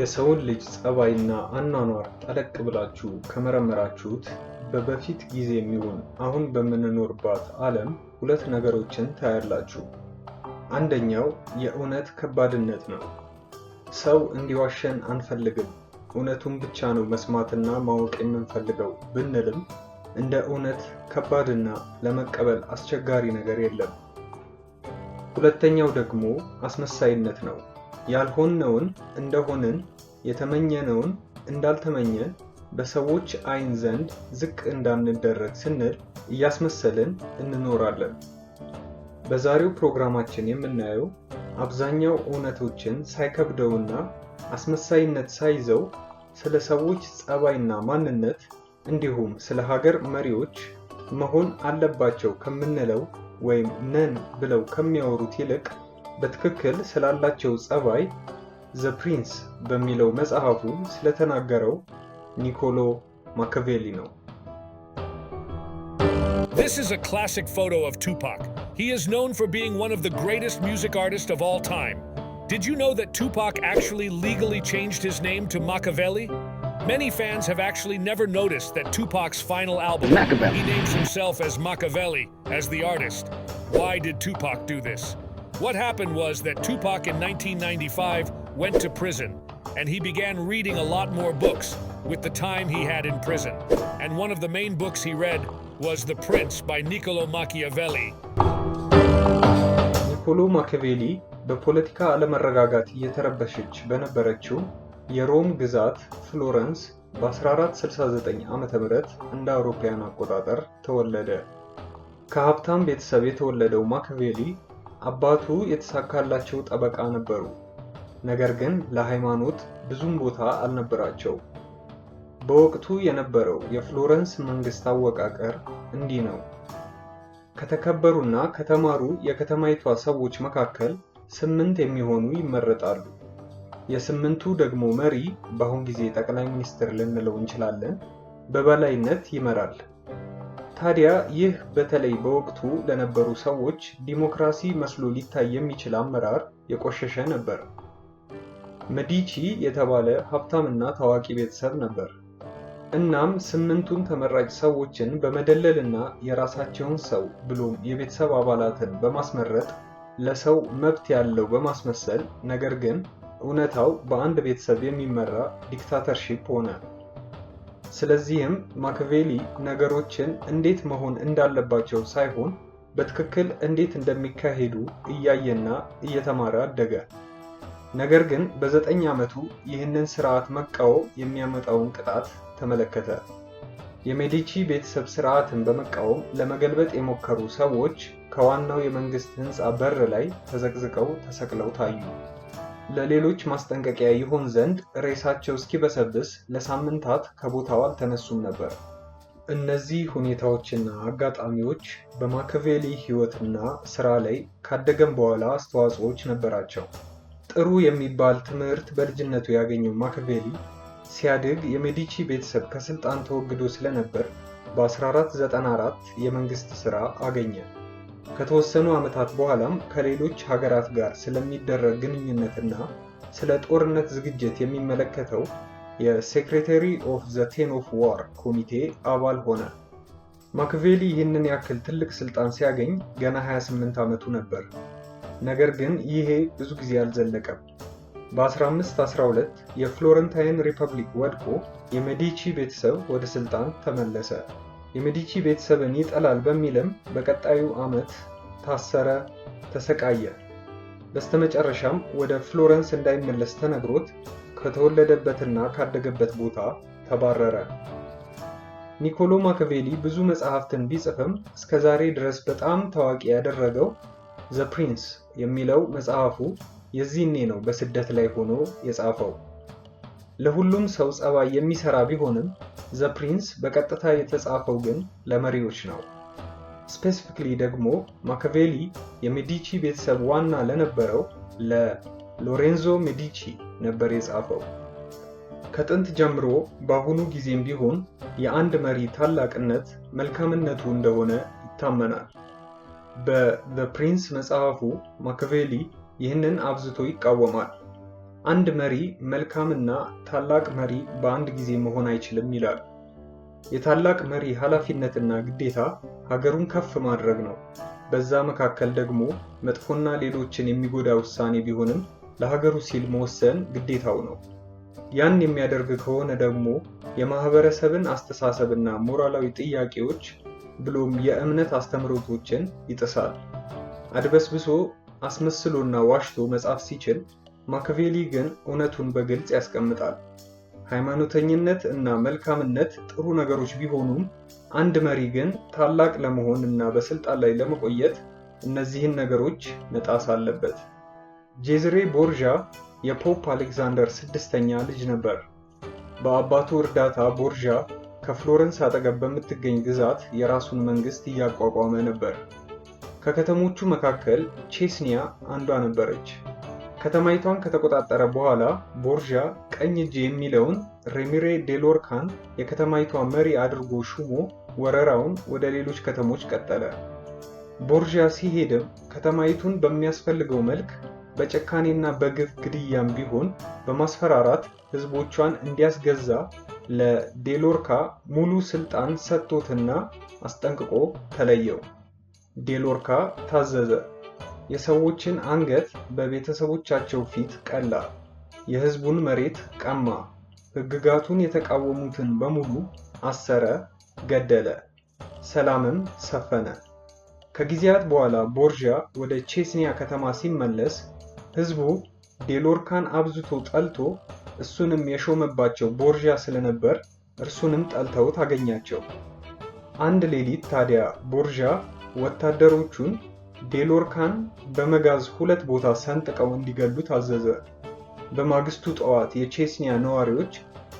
የሰውን ልጅ ጸባይና አኗኗር ጠለቅ ብላችሁ ከመረመራችሁት በበፊት ጊዜ የሚሆን አሁን በምንኖርባት ዓለም ሁለት ነገሮችን ታያላችሁ። አንደኛው የእውነት ከባድነት ነው። ሰው እንዲዋሸን አንፈልግም፣ እውነቱን ብቻ ነው መስማትና ማወቅ የምንፈልገው ብንልም እንደ እውነት ከባድና ለመቀበል አስቸጋሪ ነገር የለም። ሁለተኛው ደግሞ አስመሳይነት ነው። ያልሆነውን እንደሆንን የተመኘነውን እንዳልተመኘን በሰዎች አይን ዘንድ ዝቅ እንዳንደረግ ስንል እያስመሰልን እንኖራለን። በዛሬው ፕሮግራማችን የምናየው አብዛኛው እውነቶችን ሳይከብደውና አስመሳይነት ሳይዘው ስለ ሰዎች ጸባይና ማንነት እንዲሁም ስለ ሀገር መሪዎች መሆን አለባቸው ከምንለው ወይም ነን ብለው ከሚያወሩት ይልቅ በትክክል ስላላቸው ጸባይ ዘ ፕሪንስ በሚለው መጽሐፉ ስለተናገረው ኒኮሎ ነው። This is a classic photo of Tupac. He is known for being one of the greatest music artists of all time. Did you know that Tupac actually legally changed his name to Machiavelli? Many fans have actually never noticed that Tupac's final album, Machiavelli. he names himself as Machiavelli, as the artist. Why did Tupac do this? What happened was that Tupac in 1995 went to prison, and he began reading a lot more books with the time he had in prison. And one of the main books he read was The Prince by Niccolo Machiavelli. ኒኮሎ ማኪያቬሊ በፖለቲካ አለመረጋጋት እየተረበሸች በነበረችው የሮም ግዛት ፍሎረንስ በ1469 ዓ.ም እንደ አውሮፓውያን አቆጣጠር ተወለደ። ከሀብታም ቤተሰብ የተወለደው ማኪያቬሊ አባቱ የተሳካላቸው ጠበቃ ነበሩ። ነገር ግን ለሃይማኖት ብዙም ቦታ አልነበራቸው። በወቅቱ የነበረው የፍሎረንስ መንግስት አወቃቀር እንዲህ ነው። ከተከበሩና ከተማሩ የከተማይቷ ሰዎች መካከል ስምንት የሚሆኑ ይመረጣሉ። የስምንቱ ደግሞ መሪ በአሁን ጊዜ ጠቅላይ ሚኒስትር ልንለው እንችላለን፣ በበላይነት ይመራል። ታዲያ ይህ በተለይ በወቅቱ ለነበሩ ሰዎች ዲሞክራሲ መስሎ ሊታይ የሚችል አመራር የቆሸሸ ነበር። መዲቺ የተባለ ሀብታምና ታዋቂ ቤተሰብ ነበር። እናም ስምንቱን ተመራጭ ሰዎችን በመደለልና የራሳቸውን ሰው ብሎም የቤተሰብ አባላትን በማስመረጥ ለሰው መብት ያለው በማስመሰል ነገር ግን እውነታው በአንድ ቤተሰብ የሚመራ ዲክታተርሺፕ ሆነ። ስለዚህም ማክቬሊ ነገሮችን እንዴት መሆን እንዳለባቸው ሳይሆን በትክክል እንዴት እንደሚካሄዱ እያየና እየተማረ አደገ። ነገር ግን በዘጠኝ ዓመቱ ይህንን ስርዓት መቃወም የሚያመጣውን ቅጣት ተመለከተ። የሜዲቺ ቤተሰብ ስርዓትን በመቃወም ለመገልበጥ የሞከሩ ሰዎች ከዋናው የመንግስት ሕንፃ በር ላይ ተዘቅዝቀው ተሰቅለው ታዩ። ለሌሎች ማስጠንቀቂያ ይሆን ዘንድ ሬሳቸው እስኪበሰብስ ለሳምንታት ከቦታው አልተነሱም ነበር። እነዚህ ሁኔታዎችና አጋጣሚዎች በማከቬሊ ሕይወትና ስራ ላይ ካደገም በኋላ አስተዋጽኦዎች ነበራቸው። ጥሩ የሚባል ትምህርት በልጅነቱ ያገኘው ማክቬሊ ሲያድግ የሜዲቺ ቤተሰብ ከስልጣን ተወግዶ ስለነበር በ1494 የመንግስት ስራ አገኘ። ከተወሰኑ ዓመታት በኋላም ከሌሎች ሀገራት ጋር ስለሚደረግ ግንኙነትና ስለ ጦርነት ዝግጅት የሚመለከተው የሴክሬታሪ ኦፍ ዘ ቴን ኦፍ ዋር ኮሚቴ አባል ሆነ። ማክቬሊ ይህንን ያክል ትልቅ ስልጣን ሲያገኝ ገና 28 ዓመቱ ነበር። ነገር ግን ይሄ ብዙ ጊዜ አልዘለቀም። በ1512 የፍሎረንታይን ሪፐብሊክ ወድቆ የሜዲቺ ቤተሰብ ወደ ስልጣን ተመለሰ። የሜዲቺ ቤተሰብን ይጠላል በሚልም በቀጣዩ ዓመት ታሰረ፣ ተሰቃየ። በስተመጨረሻም ወደ ፍሎረንስ እንዳይመለስ ተነግሮት ከተወለደበትና ካደገበት ቦታ ተባረረ። ኒኮሎ ማካቬሊ ብዙ መጽሐፍትን ቢጽፍም እስከ ዛሬ ድረስ በጣም ታዋቂ ያደረገው ዘ ፕሪንስ የሚለው መጽሐፉ የዚህኔ ነው በስደት ላይ ሆኖ የጻፈው። ለሁሉም ሰው ጸባይ የሚሰራ ቢሆንም ዘ ፕሪንስ በቀጥታ የተጻፈው ግን ለመሪዎች ነው። ስፔሲፊክሊ ደግሞ ማካቬሊ የሜዲቺ ቤተሰብ ዋና ለነበረው ለሎሬንዞ ሜዲቺ ነበር የጻፈው። ከጥንት ጀምሮ በአሁኑ ጊዜም ቢሆን የአንድ መሪ ታላቅነት መልካምነቱ እንደሆነ ይታመናል። በዘ ፕሪንስ መጽሐፉ ማካቬሊ ይህንን አብዝቶ ይቃወማል። አንድ መሪ መልካምና ታላቅ መሪ በአንድ ጊዜ መሆን አይችልም ይላል። የታላቅ መሪ ኃላፊነትና ግዴታ ሀገሩን ከፍ ማድረግ ነው። በዛ መካከል ደግሞ መጥፎና ሌሎችን የሚጎዳ ውሳኔ ቢሆንም ለሀገሩ ሲል መወሰን ግዴታው ነው። ያን የሚያደርግ ከሆነ ደግሞ የማህበረሰብን አስተሳሰብና ሞራላዊ ጥያቄዎች ብሎም የእምነት አስተምህሮቶችን ይጥሳል። አድበስብሶ አስመስሎና ዋሽቶ መጻፍ ሲችል ማክቬሊ ግን እውነቱን በግልጽ ያስቀምጣል። ሃይማኖተኝነት እና መልካምነት ጥሩ ነገሮች ቢሆኑም አንድ መሪ ግን ታላቅ ለመሆን እና በስልጣን ላይ ለመቆየት እነዚህን ነገሮች መጣስ አለበት። ጄዝሬ ቦርዣ የፖፕ አሌክዛንደር ስድስተኛ ልጅ ነበር። በአባቱ እርዳታ ቦርዣ ከፍሎረንስ አጠገብ በምትገኝ ግዛት የራሱን መንግስት እያቋቋመ ነበር። ከከተሞቹ መካከል ቼስኒያ አንዷ ነበረች። ከተማይቷን ከተቆጣጠረ በኋላ ቦርዣ ቀኝ እጅ የሚለውን ሬሚሬ ዴሎርካን የከተማይቷ መሪ አድርጎ ሹሞ ወረራውን ወደ ሌሎች ከተሞች ቀጠለ። ቦርዣ ሲሄድም ከተማይቱን በሚያስፈልገው መልክ በጭካኔና በግፍ ግድያም ቢሆን በማስፈራራት ህዝቦቿን እንዲያስገዛ ለዴሎርካ ሙሉ ስልጣን ሰጥቶትና አስጠንቅቆ ተለየው። ዴሎርካ ታዘዘ። የሰዎችን አንገት በቤተሰቦቻቸው ፊት ቀላ፣ የሕዝቡን መሬት ቀማ፣ ሕግጋቱን የተቃወሙትን በሙሉ አሰረ፣ ገደለ፣ ሰላምም ሰፈነ። ከጊዜያት በኋላ ቦርዣ ወደ ቼስኒያ ከተማ ሲመለስ ሕዝቡ ዴሎርካን አብዝቶ ጠልቶ እሱንም የሾመባቸው ቦርዣ ስለነበር እርሱንም ጠልተውት አገኛቸው። አንድ ሌሊት ታዲያ ቦርዣ ወታደሮቹን ዴሎርካን በመጋዝ ሁለት ቦታ ሰንጥቀው እንዲገሉ ታዘዘ። በማግስቱ ጠዋት የቼስኒያ ነዋሪዎች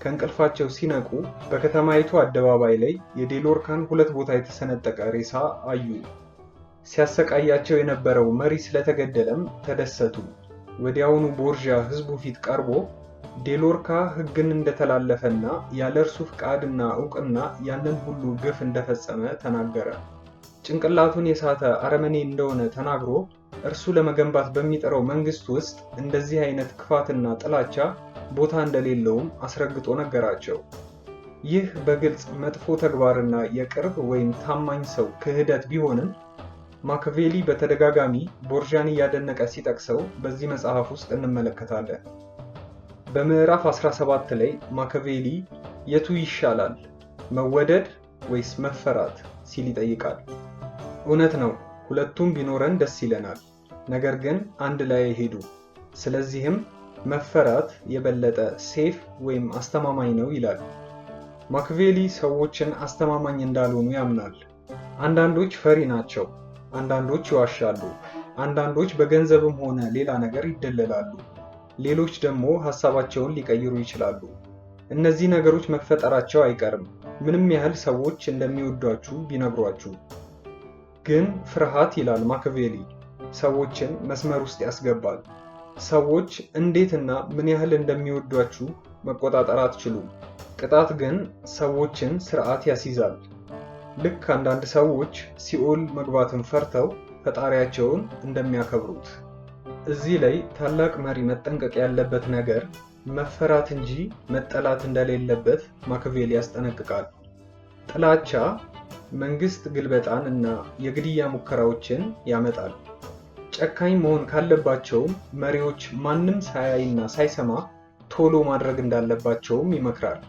ከእንቅልፋቸው ሲነቁ በከተማይቱ አደባባይ ላይ የዴሎርካን ሁለት ቦታ የተሰነጠቀ ሬሳ አዩ። ሲያሰቃያቸው የነበረው መሪ ስለተገደለም ተደሰቱ። ወዲያውኑ ቦርዣ ሕዝቡ ፊት ቀርቦ ዴሎርካ ሕግን እንደተላለፈና ያለ እርሱ ፍቃድና እውቅና ያንን ሁሉ ግፍ እንደፈጸመ ተናገረ። ጭንቅላቱን የሳተ አረመኔ እንደሆነ ተናግሮ እርሱ ለመገንባት በሚጠራው መንግስት ውስጥ እንደዚህ አይነት ክፋትና ጥላቻ ቦታ እንደሌለውም አስረግጦ ነገራቸው። ይህ በግልጽ መጥፎ ተግባርና የቅርብ ወይም ታማኝ ሰው ክህደት ቢሆንም ማክቬሊ በተደጋጋሚ ቦርዣን እያደነቀ ሲጠቅሰው በዚህ መጽሐፍ ውስጥ እንመለከታለን። በምዕራፍ 17 ላይ ማክቬሊ የቱ ይሻላል መወደድ ወይስ መፈራት ሲል ይጠይቃል። እውነት ነው፣ ሁለቱም ቢኖረን ደስ ይለናል። ነገር ግን አንድ ላይ ሄዱ። ስለዚህም መፈራት የበለጠ ሴፍ ወይም አስተማማኝ ነው ይላል። ማክቬሊ ሰዎችን አስተማማኝ እንዳልሆኑ ያምናል። አንዳንዶች ፈሪ ናቸው፣ አንዳንዶች ይዋሻሉ፣ አንዳንዶች በገንዘብም ሆነ ሌላ ነገር ይደለላሉ፣ ሌሎች ደግሞ ሀሳባቸውን ሊቀይሩ ይችላሉ። እነዚህ ነገሮች መፈጠራቸው አይቀርም ምንም ያህል ሰዎች እንደሚወዷችሁ ቢነግሯችሁ። ግን ፍርሃት ይላል ማክቬሊ ሰዎችን መስመር ውስጥ ያስገባል። ሰዎች እንዴትና ምን ያህል እንደሚወዷችሁ መቆጣጠር አትችሉም። ቅጣት ግን ሰዎችን ስርዓት ያስይዛል። ልክ አንዳንድ ሰዎች ሲኦል መግባትን ፈርተው ፈጣሪያቸውን እንደሚያከብሩት። እዚህ ላይ ታላቅ መሪ መጠንቀቅ ያለበት ነገር መፈራት እንጂ መጠላት እንደሌለበት ማክቬሊ ያስጠነቅቃል። ጥላቻ መንግስት ግልበጣን እና የግድያ ሙከራዎችን ያመጣል። ጨካኝ መሆን ካለባቸውም መሪዎች ማንም ሳያይና ሳይሰማ ቶሎ ማድረግ እንዳለባቸውም ይመክራል።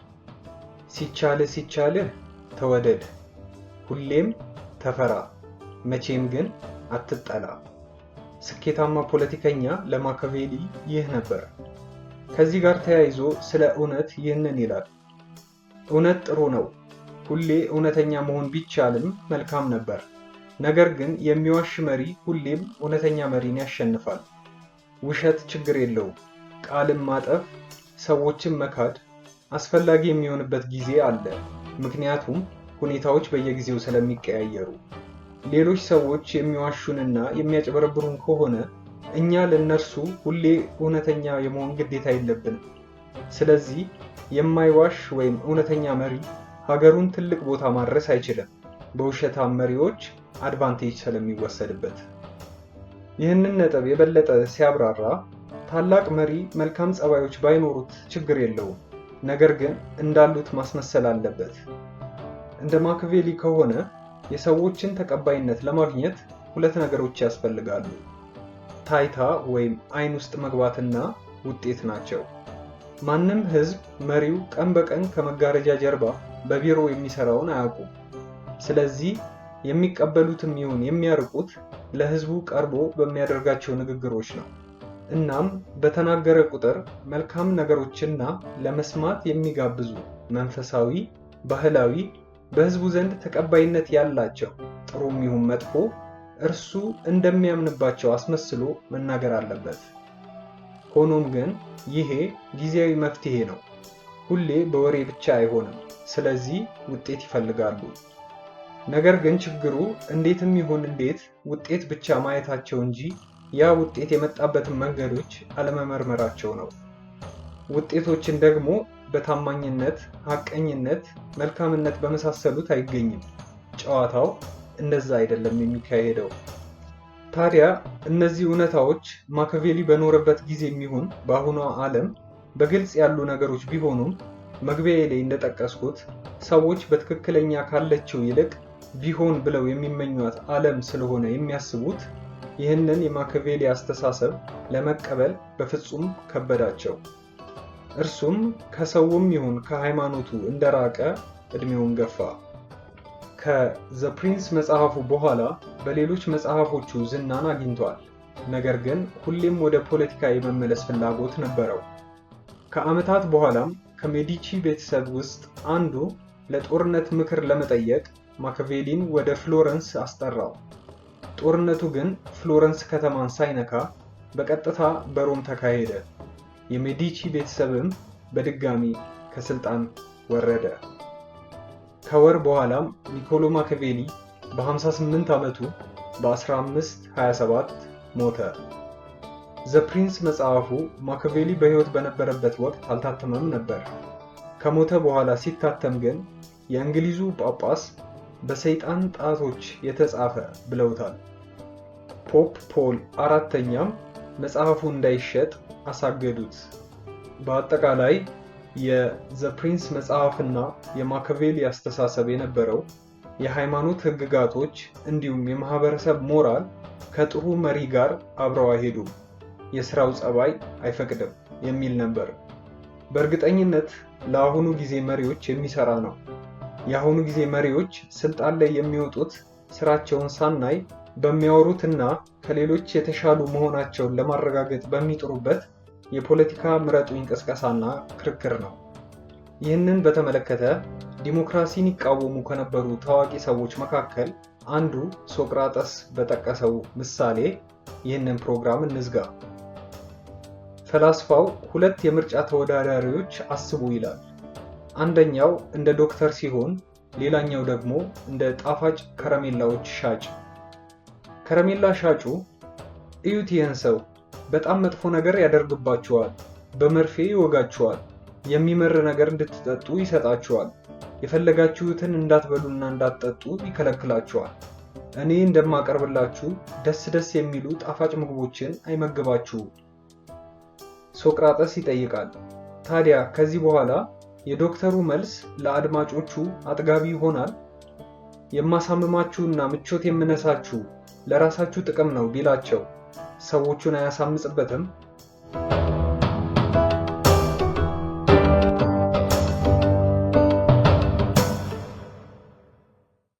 ሲቻልህ ሲቻልህ ተወደድ፣ ሁሌም ተፈራ፣ መቼም ግን አትጠላ። ስኬታማ ፖለቲከኛ ለማካቬሊ ይህ ነበር። ከዚህ ጋር ተያይዞ ስለ እውነት ይህንን ይላል። እውነት ጥሩ ነው ሁሌ እውነተኛ መሆን ቢቻልም መልካም ነበር። ነገር ግን የሚዋሽ መሪ ሁሌም እውነተኛ መሪን ያሸንፋል። ውሸት ችግር የለውም። ቃልን ማጠፍ፣ ሰዎችን መካድ አስፈላጊ የሚሆንበት ጊዜ አለ። ምክንያቱም ሁኔታዎች በየጊዜው ስለሚቀያየሩ ሌሎች ሰዎች የሚዋሹንና የሚያጭበረብሩን ከሆነ እኛ ለእነርሱ ሁሌ እውነተኛ የመሆን ግዴታ የለብንም። ስለዚህ የማይዋሽ ወይም እውነተኛ መሪ ሀገሩን ትልቅ ቦታ ማድረስ አይችልም፣ በውሸታም መሪዎች አድቫንቴጅ ስለሚወሰድበት። ይህንን ነጥብ የበለጠ ሲያብራራ ታላቅ መሪ መልካም ጸባዮች ባይኖሩት ችግር የለውም፣ ነገር ግን እንዳሉት ማስመሰል አለበት። እንደ ማክቬሊ ከሆነ የሰዎችን ተቀባይነት ለማግኘት ሁለት ነገሮች ያስፈልጋሉ ታይታ ወይም አይን ውስጥ መግባትና ውጤት ናቸው። ማንም ህዝብ መሪው ቀን በቀን ከመጋረጃ ጀርባ በቢሮ የሚሰራውን አያውቁም። ስለዚህ የሚቀበሉትም ይሁን የሚያርቁት ለህዝቡ ቀርቦ በሚያደርጋቸው ንግግሮች ነው። እናም በተናገረ ቁጥር መልካም ነገሮችና ለመስማት የሚጋብዙ መንፈሳዊ፣ ባህላዊ፣ በህዝቡ ዘንድ ተቀባይነት ያላቸው ጥሩም ይሁን መጥፎ እርሱ እንደሚያምንባቸው አስመስሎ መናገር አለበት። ሆኖም ግን ይሄ ጊዜያዊ መፍትሄ ነው፣ ሁሌ በወሬ ብቻ አይሆንም። ስለዚህ ውጤት ይፈልጋሉ። ነገር ግን ችግሩ እንዴትም ይሁን እንዴት ውጤት ብቻ ማየታቸው እንጂ ያ ውጤት የመጣበትን መንገዶች አለመመርመራቸው ነው። ውጤቶችን ደግሞ በታማኝነት፣ ሐቀኝነት፣ መልካምነት በመሳሰሉት አይገኝም። ጨዋታው እንደዛ አይደለም የሚካሄደው። ታዲያ እነዚህ እውነታዎች ማከቬሊ በኖረበት ጊዜ የሚሆን በአሁኗ ዓለም በግልጽ ያሉ ነገሮች ቢሆኑም መግቢያ ላይ እንደጠቀስኩት ሰዎች በትክክለኛ ካለችው ይልቅ ቢሆን ብለው የሚመኟት ዓለም ስለሆነ የሚያስቡት ይህንን የማኪያቬሊ አስተሳሰብ ለመቀበል በፍጹም ከበዳቸው። እርሱም ከሰውም ይሁን ከሃይማኖቱ እንደራቀ ዕድሜውን ገፋ። ከዘ ፕሪንስ መጽሐፉ በኋላ በሌሎች መጽሐፎቹ ዝናን አግኝቷል። ነገር ግን ሁሌም ወደ ፖለቲካ የመመለስ ፍላጎት ነበረው። ከዓመታት በኋላም ከሜዲቺ ቤተሰብ ውስጥ አንዱ ለጦርነት ምክር ለመጠየቅ ማክቬሊን ወደ ፍሎረንስ አስጠራው። ጦርነቱ ግን ፍሎረንስ ከተማን ሳይነካ በቀጥታ በሮም ተካሄደ። የሜዲቺ ቤተሰብም በድጋሚ ከስልጣን ወረደ። ከወር በኋላም ኒኮሎ ማክቬሊ በ58 ዓመቱ በ1527 ሞተ። ዘ ፕሪንስ መጽሐፉ ማኪያቬሊ በሕይወት በነበረበት ወቅት አልታተመም ነበር። ከሞተ በኋላ ሲታተም ግን የእንግሊዙ ጳጳስ በሰይጣን ጣቶች የተጻፈ ብለውታል። ፖፕ ፖል አራተኛም መጽሐፉ እንዳይሸጥ አሳገዱት። በአጠቃላይ የዘ ፕሪንስ መጽሐፍና የማኪያቬሊ አስተሳሰብ የነበረው የሃይማኖት ሕግጋቶች እንዲሁም የማህበረሰብ ሞራል ከጥሩ መሪ ጋር አብረው አይሄዱም። የስራው ጸባይ አይፈቅድም የሚል ነበር። በእርግጠኝነት ለአሁኑ ጊዜ መሪዎች የሚሰራ ነው። የአሁኑ ጊዜ መሪዎች ስልጣን ላይ የሚወጡት ስራቸውን ሳናይ በሚያወሩትና ከሌሎች የተሻሉ መሆናቸውን ለማረጋገጥ በሚጥሩበት የፖለቲካ ምረጡኝ ቅስቀሳና ክርክር ነው። ይህንን በተመለከተ ዲሞክራሲን ይቃወሙ ከነበሩ ታዋቂ ሰዎች መካከል አንዱ ሶቅራጠስ በጠቀሰው ምሳሌ ይህንን ፕሮግራም እንዝጋ። ፈላስፋው ሁለት የምርጫ ተወዳዳሪዎች አስቡ ይላል። አንደኛው እንደ ዶክተር ሲሆን፣ ሌላኛው ደግሞ እንደ ጣፋጭ ከረሜላዎች ሻጭ። ከረሜላ ሻጩ እዩት ይህን ሰው በጣም መጥፎ ነገር ያደርግባችኋል፣ በመርፌ ይወጋችኋል፣ የሚመር ነገር እንድትጠጡ ይሰጣችኋል፣ የፈለጋችሁትን እንዳትበሉና እንዳትጠጡ ይከለክላችኋል። እኔ እንደማቀርብላችሁ ደስ ደስ የሚሉ ጣፋጭ ምግቦችን አይመግባችሁም። ሶቅራጠስ ይጠይቃል። ታዲያ ከዚህ በኋላ የዶክተሩ መልስ ለአድማጮቹ አጥጋቢ ይሆናል። የማሳምማችሁና ምቾት የምነሳችሁ ለራሳችሁ ጥቅም ነው ቢላቸው ሰዎቹን አያሳምጽበትም?